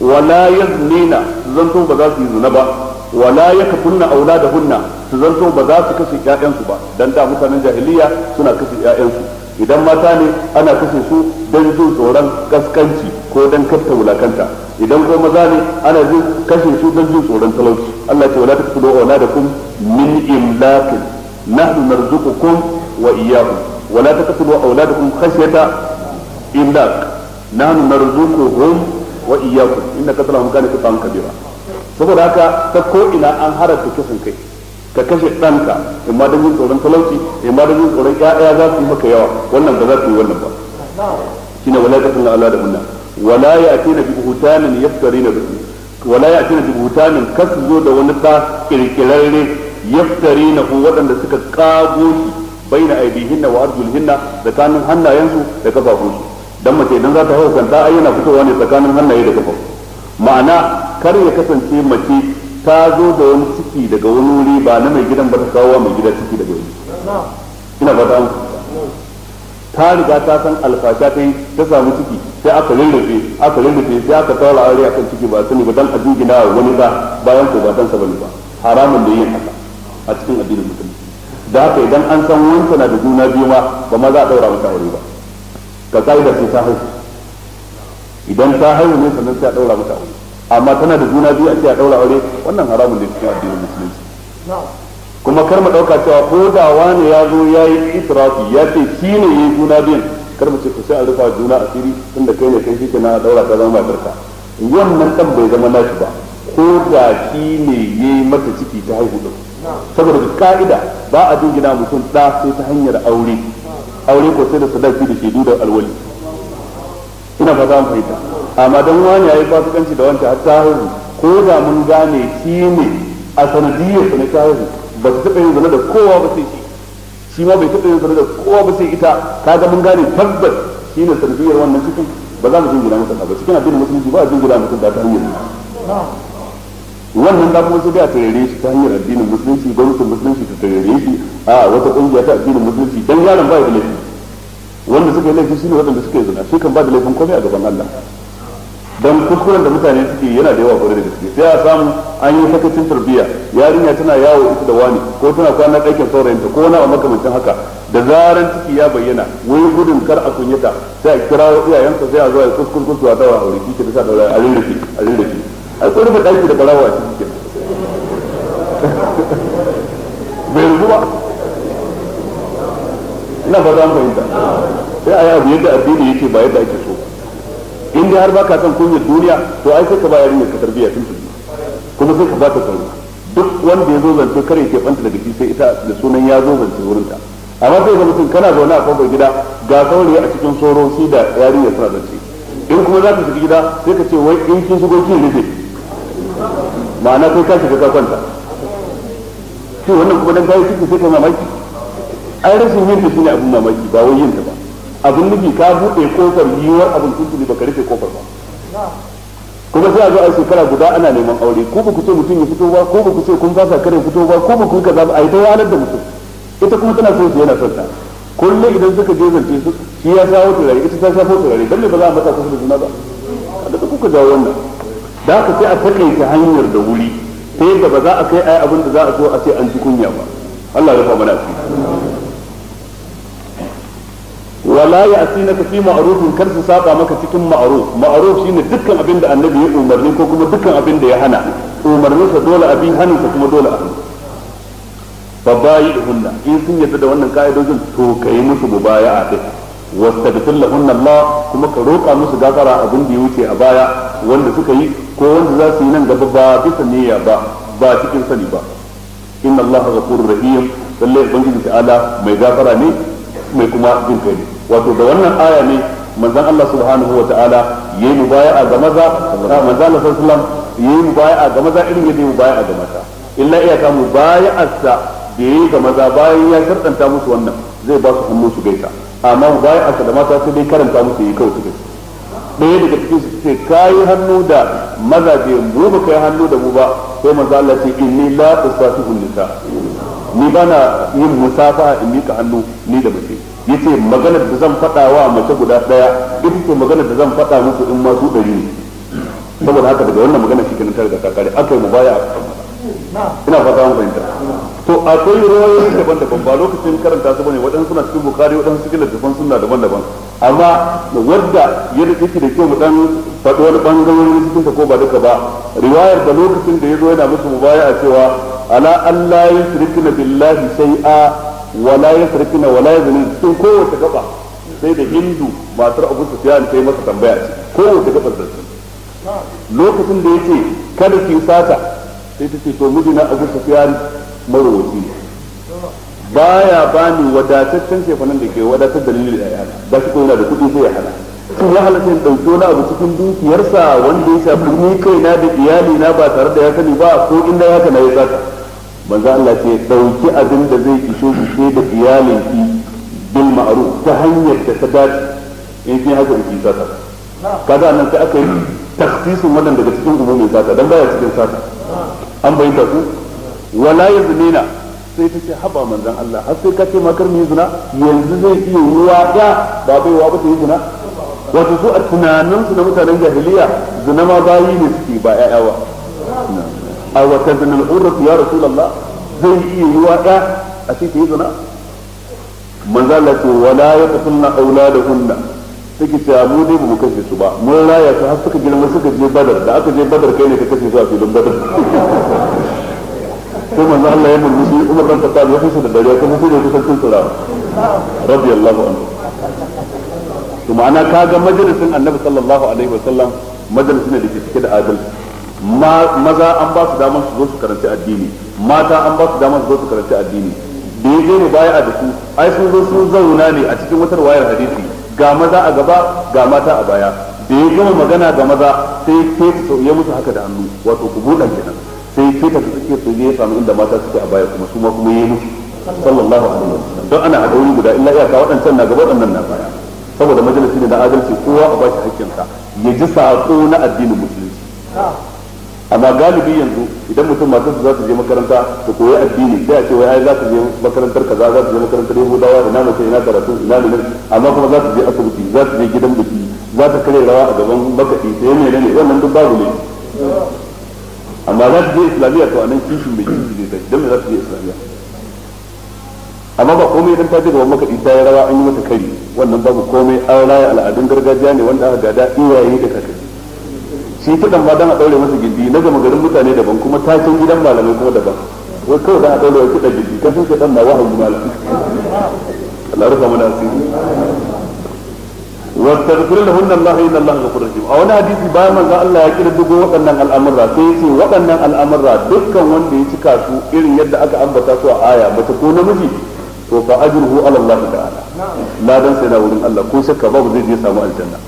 wala yaznina zanto ba za su yi zina ba wala yakfunna auladahunna su zanto ba za su kashe ƴaƴansu ba da jahiliya suna kashe ƴaƴansu idan mata ne ana kashe su don jin tsoron kaskanci ko don kafta wulakanta idan ko maza ne ana jin kashe su don jin tsoron talauci Allah ce wala taqtulu auladakum min imlaqin nahnu narzuqukum wa iyyahum wala taqtulu auladakum khashyata imlaq nahnu narzuquhum wa iyyakum inna qatlahum kana qatan kabira saboda haka ta ko ina an haranta kisan kai ka kashe ɗanka in ma don yin tsoron talauci in ma don yin tsoron ƴaƴa za su yi maka yawa wannan ba za su yi wannan ba shine wala taqul ala da munna wala ya'tina bi buhtanin yaftarina bihi wala ya'tina bi hutanin kasu zo da wani ta kirkirarre yaftarina ko waɗanda suka kago shi baina aibihinna wa arjulihinna da kanun hannayensu da kafafunsu dan mace idan za ta hau kanta ai yana fitowa ne tsakanin hannaye da kafa ma'ana kar ya kasance mace ta zo da wani ciki daga wani wuri ba na mai gidan ba ta kawo mai gida ciki daga wuri ina ba ta ta riga ta san alfasha ta yi ta samu ciki sai aka rarrafe aka rarrafe sai aka tsara aure akan ciki ba sani ba dan a jingina wani ba bayan ko ba dan sa bane ba haramun da yin haka a cikin addinin musulunci da haka idan an san wancan na da juna biyu ma ba ma za a daura mata aure ba ga ka'ida sai ta haihu idan ta haihu ne sannan sai a daura mata aure amma tana da juna biyu a ce a daura aure wannan haramun ne cikin addinin musulunci kuma kar mu dauka cewa ko da wani ya zo ya yi israfi ya ce shi ne ya yi juna biyun kar mu ce ku sai a rufa juna asiri tunda kai ne kai shi kenan a daura ta zama barka wannan dan bai zama nashi ba ko da shi ne ya yi mata ciki ta haihu din saboda ka'ida ba a jingina mutum da sai ta hanyar aure aure ko sai da sadaki da shaidu da alwali ina fata an fahimta amma dan wani yayi fasikanci da wanda har ta ko da mun gane shi ne a sanadiyar sa na ta ba ta taɓa yin zina da kowa ba sai shi shi ma bai taɓa yin zina da kowa ba sai ita kaga mun gane tabbas shi ne sanadiyar wannan cikin ba za mu jingina masa ba cikin da musulunci ba a jingina masa da ta hanyar wannan da mun da tarere shi ta hanyar addinin musulunci gwamnatin musulunci ta tarere shi a wata kungiya ta addinin musulunci dan yaron ba da laifi wanda suka yi laifi shine waɗanda suka yi zina shi kan ba da laifin komai a gaban Allah dan kuskuren da mutane suke yana da yawa gore da gaske sai a samu an yi sakacin tarbiyya yarinya tana yawo ita da wani ko tana kwana ɗakin saurayinta ko wani a makamancin haka da zaran ciki ya bayyana wani gudun kar a kunyata sai a kira iyayensa sai a zo a kuskur a dawa a wuri kike da sa daura a a rinrufe ai ko rufe daki da barawa a cikin bai rubu ba ina ba za mu fahimta sai a yi abu yadda addini yake ba yadda ake so in dai har baka son kunyar duniya to ai sai ka ba yarinyar ka tarbiyya tun tuni kuma sai ka ba ta tsaro duk wanda ya zo zance kare ke banta daga shi sai ita da sunan ya zo zance wurin ta amma sai ga mutum kana zaune a kofar gida ga saurayi a cikin tsoro shi da yarinyar suna zance in kuma za ka shiga gida sai ka ce wai in kin shigo kin rufe ma'ana kai ka shiga ka kwanta shi wannan kuma dan kai shi sai ka mamaki ai rashin yin shi ne abin mamaki ba wai yin ta ba abin nufi ka bude kofar yiwuwar abin ba baka rufe kofar ba kuma sai a zo a shekara guda ana neman aure ko ba ku ce mutum ya fito ba ko ba ku ce kun fasa kare fito ba ko ba ku kaza ba a yi ta yanar da mutum ita kuma tana son su yana son ta kullum idan suka je zance su shi ya shawo turare ita ta sha turare dan ne ba za a mata kusa da juna ba da kuka jawo wannan da ka sai a takaita hanyar da wuri ta yadda ba za a kai ai abin da za a zo a ce an ji kunya ba Allah ya mana shi wala ya asina ka fi ma'rufin kar su saba maka cikin ma'ruf ma'ruf shine dukkan abin da annabi ya umarni ko kuma dukkan abin da ya hana umarninsa dole hanin haninsa kuma dole abin فبايعهن إن سن يتدى وانا قائدو جن توكي Allah kuma ka roƙa musu gafara abin da ya wuce a baya wanda suka yi. ko wanda za su yi nan gaba ba bisa niyya ba ba cikin sani ba inna Allah ghafurur rahim lalle ubangiji ta'ala mai gafara ne mai kuma jin kai ne wato da wannan aya ne manzon Allah subhanahu wa ta'ala yayi mubaya'a ga maza manzon Allah sallallahu alaihi wasallam yayi mubaya'a ga maza irin yadda yayi mubaya'a ga mata illa iyaka mubaya'arsa da yayi ga maza bayan ya karanta musu wannan zai ba su hannu su gaisa amma mubaya'arsa da mata sai dai karanta musu yi kawai su gaisa ɗaya daga cikin su ce yi hannu da mazaje mu ba kai hannu da mu ba sai manzo Allah ce inni la usatihu nisa ni bana yin musafa in mika hannu ni da mace yace magana da zan faɗa wa mace guda ɗaya ita ce maganar da zan faɗa muku in ma su ɗari ne saboda haka daga wannan magana shi ke ta riga ta kare aka yi mubaya a kan ina fata mu fahimta to akwai ruwayoyi daban-daban ba lokacin karanta su bane waɗansu suna cikin bukari waɗansu cikin littafan suna daban-daban amma wadda ya yake da kyau mu dan faɗi wani bangarorin cikin ta ko ba duka ba riwayar da lokacin da ya zo yana musu mubaya cewa ala Allah yusrikuna billahi shay'a wala yusrikuna wala yazni cikin kowace gaba sai da hindu matar abu sufyan ta yi masa tambaya ce kowace gaba da lokacin da yake kada ki sata sai ta ce to mijina abu sufiyan marowaci baya bani wadataccen shefanan da ke wadatar da lili da yana ba shi ko da kuɗi sai ya hana sun ya halatta sai ɗauki wani abu cikin dukiyarsa wanda ya shafi ni kaina da iyali na ba tare da ya sani ba ko inda ya kana ya zaka banza Allah ce ɗauki abin da zai isho ki da iyalin ki bil ma'ruf ta hanyar da ta dace in kin haka ki zaka kaga nan sai aka yi takhsisin wannan daga cikin umumin zaka dan baya cikin zaka an bai da ku wala yaznina sai ta ce haba manzon Allah har sai ka ce makar mu zina yanzu zai iya ruwa da ba baiwa ba ta yi zina wato su a tunanin su da mutanen jahiliya zina ma bayi ne suke ba ƴaƴa ba a wata zinan urrat ya rasulullah zai iya ruwa da a ce ta yi zina manzon Allah ce wala yaqtulna auladuhunna suke cewa mu ne mu kashe su ba mun raya su har suka girma suka je badar da aka je badar kai ne ka kashe su a filin badar sai manzo Allah ya mulmushi Umar dan fata ya fushi da dariya kuma sai da kusan tuntura radiyallahu anhu to ma'ana kaga majalisin Annabi sallallahu alaihi wasallam majalisin da ke cike da adalci maza an ba su damar su zo su karanci addini mata an ba su damar su zo su karanci addini da ya ne baya da su ai sun zo sun zauna ne a cikin wutar wayar hadisi ga maza a gaba ga mata a baya da ya gama magana ga maza sai ke ta sauye musu haka da hannu wato ku buɗa kenan sai ke ta suke su ne samu inda mata suke a baya kuma su ma kuma yi musu sallallahu alaihi sallam don ana haɗa wuri guda illa iyaka waɗancan na gaba waɗannan na baya saboda majalisi ne da adalci kowa a bashi hakkinsa ya ji saƙo na addinin musulunci amma galibi yanzu idan mutum matar su za su je makaranta su koyi addini sai a ce wai ai za su je makarantar kaza za su je makarantar yahudawa ina mace ina karatu ina ne amma kuma za su je asibiti za su je gidan biki za ta kare rawa a gaban makaɗi yi ne ne wannan duk babu ne amma za su je islamiyya to anan kishin bai kishin zai tashi dan me za su je islamiyya amma ba komai idan ta je gaban makaɗi ta yi rawa an yi mata kari wannan babu komai an raya al'adun gargajiya ne wanda aka gada iyaye da kakanni shi kiɗan ma dan a ɗaure masa gindi na gama garin mutane daban kuma ta taken gidan malamai kuma daban wai kawai dan a ɗaure wa kiɗan gindi kafin kiɗan na wahayi malamai Allah rufa mana asiri واستغفر لهن الله ان الله غفور رحيم a wani hadisi bayan manzo Allah ya kira dubu waɗannan al'amurra sai yace waɗannan al'amurra dukkan wanda ya cika su irin yadda aka ambata su a aya mace ko namiji to fa ajruhu ala Allah ta'ala ladan sai na wurin Allah ko shakka babu zai je samu aljanna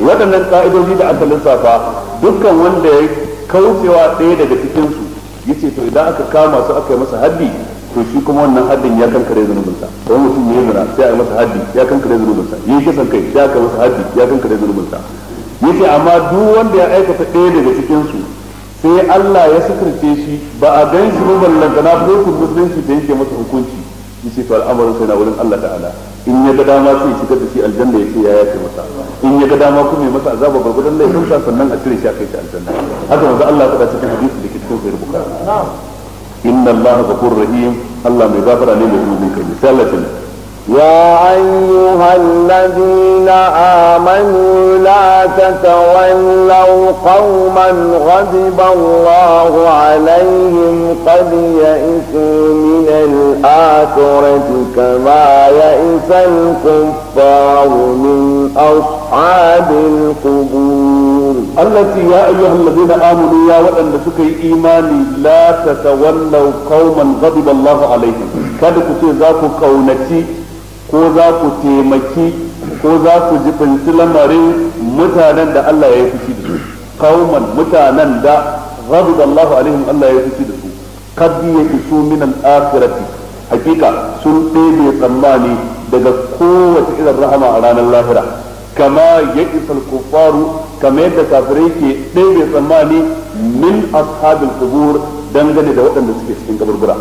waɗannan ka'idoji da aka lissafa dukkan wanda ya kaucewa ɗaya daga cikin su yace to idan aka kama su aka yi masa haddi to shi kuma wannan haddin ya kankare zunubinsa don mutum ya yi zina sai a yi masa haddi ya kankare zunubinsa ya yi kisan kai sai aka masa haddi ya kankare zunubinsa yace amma duk wanda ya aikata ɗaya daga cikin su sai Allah ya sukurce shi ba a gan shi ba ballan kana ko kun musulunci da yake masa hukunci yace to al'amarin sai na wurin Allah ta'ala in ya ga dama sai ya shigar da shi aljanna ya ce ya yace masa in ya ga dama kuma ya masa azaba gurgudan laifin sa sannan a cire shi a kai shi aljanna haka manzo Allah ya cikin hadisi da ke cikin sahih bukhari inna allaha kun rahim Allah mai gafara ne mai bin kai sai Allah ya يا أيها الذين آمنوا لا تتولوا قوما غضب الله عليهم قد يئسوا من الآخرة كما يئس الكفار من أصحاب القبور التي يا أيها الذين آمنوا يا وأن سكي إيماني لا تتولوا قوما غضب الله عليهم كذلك تزاكوا كونتي ko za ku taimaki ko za ku jibinci lamarin mutanen da Allah ya yi fushi da su kauman mutanen da da Allahu alaihim Allah ya yi fushi da su ya yakisu so minan akhirati hakika sun ɗebe tsammani daga kowace irin rahama a ranar lahira kama ya al-kuffaru kama yadda kafirai ke ɗebe tsammani min ashabil qubur dangane da waɗanda suke cikin kaburbura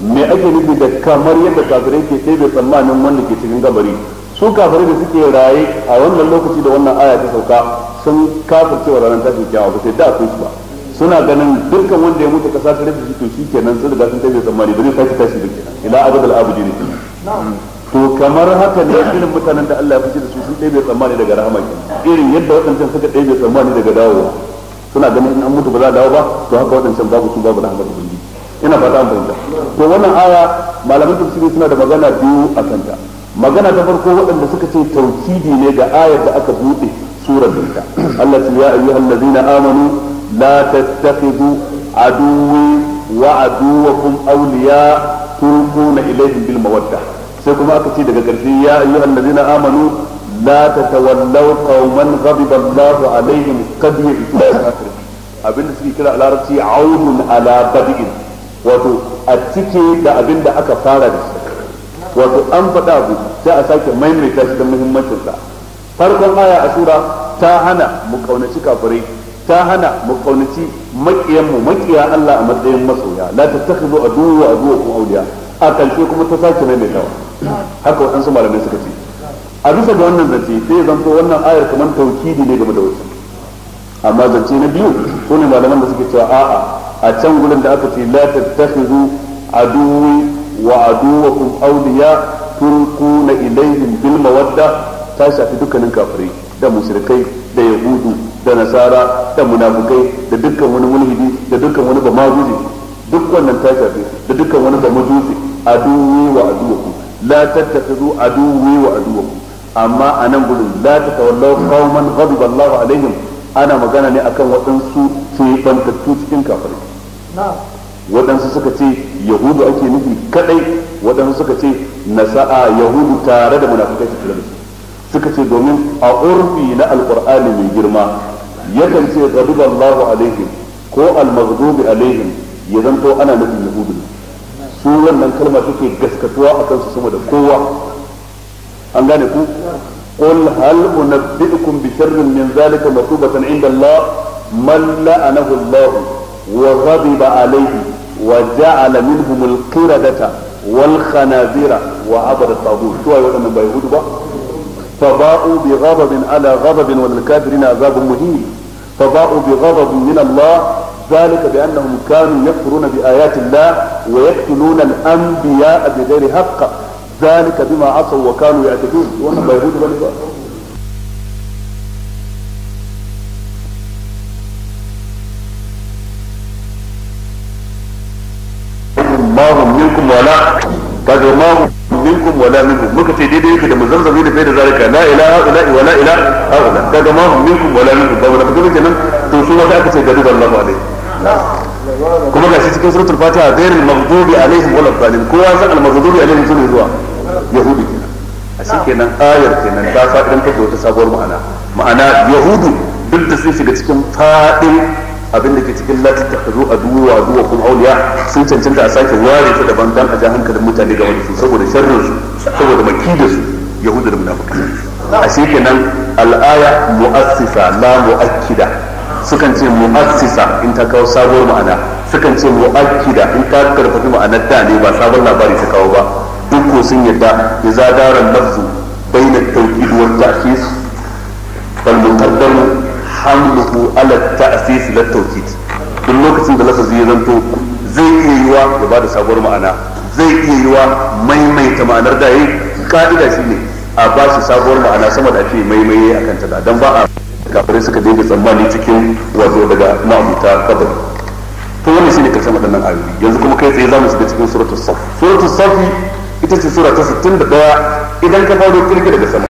me ake nufi da kamar yadda kafirai ke ɗebe tsammanin wanda ke cikin gabari su kafirai da suke raye a wannan lokaci da wannan aya ta sauka sun cewa ranar tashin kyawa ba sai da su ba suna ganin dukkan wanda ya mutu kasa tare da shi to shikenan sun riga sun ɗebe tsammani ba zai sake tashi ba kenan ila abadal abu ne to kamar haka ne irin mutanen da Allah ya fice da su sun ɗebe tsammani daga rahama irin yadda waɗancan suka ɗebe tsammani daga dawowa suna ganin in an mutu ba za a dawo ba to haka waɗancan babu su babu rahama da ina fata an bayyana to wannan aya malamin tafsiri suna da magana biyu a kanta magana ta farko waɗanda suka ce tauhidi ne ga ayar da aka buɗe surar dinka Allah ta ya ayyuhal ladina amanu la tattakhidu aduwwi wa aduwwakum awliya tulquna ilayhim bil mawadda sai kuma aka ce daga ƙarshe ya ayyuhal ladina amanu la tatawallaw qauman ghadiba Allahu alaihim qad ya'itu abinda suke kira a larabci aunun ala bad'in wato a cike da abin da aka fara da shi wato an faɗa abu sai a sake maimaita shi da muhimmancinsa farkon aya a sura ta hana mu kaunaci kafirai ta hana mu kaunaci makiyan mu makiya Allah a matsayin masoya la tattakhidhu aduwwa aduwwakum awliya a kalfe kuma ta sake maimaitawa haka waɗansu malamai suka ce a bisa ga wannan zance sai zanto wannan ayar kamar tauhidi ne game da wasu amma zance na biyu sune malaman da suke cewa a'a a can gurin da aka ce la tattakhizu aduwi wa aduwakum awliya tulquna ilayhim bil mawadda ta shafi dukkanin kafirai da mushrikai da yahudu da nasara da munafukai da dukkan wani mulhidi da dukkan wani bamajusi duk wannan ta shafi da dukkan wani bamajusi aduwi wa aduwakum la tattakhizu aduwi wa aduwakum amma a nan gudun la ta tawallau qauman ghadiba Allahu alaihim ana magana ne akan waɗansu yi bantattu cikin kafirai waɗansu suka ce yahudu ake nufi kadai waɗansu suka ce nasa'a yahudu tare da munafikai su suka ce domin a urfi na alƙur'ani mai girma yakan ce ghadiballahu alaihim ko almaghdubi alaihim ya zanto ana nufin yahudu su wannan kalma take gaskatuwa a kansu sama da kowa an gane ku قل هل أنبئكم بشر من ذلك مثوبة عند الله من لعنه الله وغضب عليه وجعل منهم القردة والخنازير وعبد الطاغوت شو هاي أنهم بيهود بقى فباءوا بغضب على غضب وللكافرين عذاب مهين فباءوا بغضب من الله ذلك بأنهم كانوا يكفرون بآيات الله ويقتلون الأنبياء بغير حق ذلك بما عصوا وكانوا يعتدون وانهم بيهود بقى wala ma minkum wala minkum muka ce daidai yake da muzamzami da bai da zalika la ilaha illa wala ila haula kaga ma minkum wala minkum ba wanda kuma kenan to su wata aka ce gadu Allahu alaihi kuma cikin suratul fatiha maghdubi alaihim wala dhalin kowa san al maghdubi alaihim sun zuwa yahudi kenan a shi kenan ayar kenan ta fa'idan ta wata sabuwar ma'ana ma'ana yahudu duk da sun shiga cikin fadin abin da ke cikin la tattakhudhu aduwa wa aduwakum awliya sun cancanta a sake ware su daban dan a ja hankalin mutane ga wani su saboda sharrin su saboda makidar su yahuda da munafikai a shi kenan al'aya mu'assisa la mu'akkida sukan ce mu'assisa in ta kawo sabuwar ma'ana sukan ce mu'akkida in ta karfafi ma'anar da ne ba sabon labari ta kawo ba duk ko sun yadda ya dara lafzu bayna at-tawkid wa at-ta'khis fal muqaddamu hamluhu ala ta'sis lit tawkid duk lokacin da lafazi ya zanto zai iya yiwa ya bada sabuwar ma'ana zai iya wa maimaita ma'anar da yayi ka'ida shine a ba shi sabuwar ma'ana sama da ake maimaye akan ta dan ba a kafirai suka dinga tsammani cikin wato daga ma'amuta kabari to wannan shine karshen nan ayoyi yanzu kuma kai tsaye zamu shiga cikin suratul saf suratul saf ita ce sura ta 61 idan ka faro kirki daga sama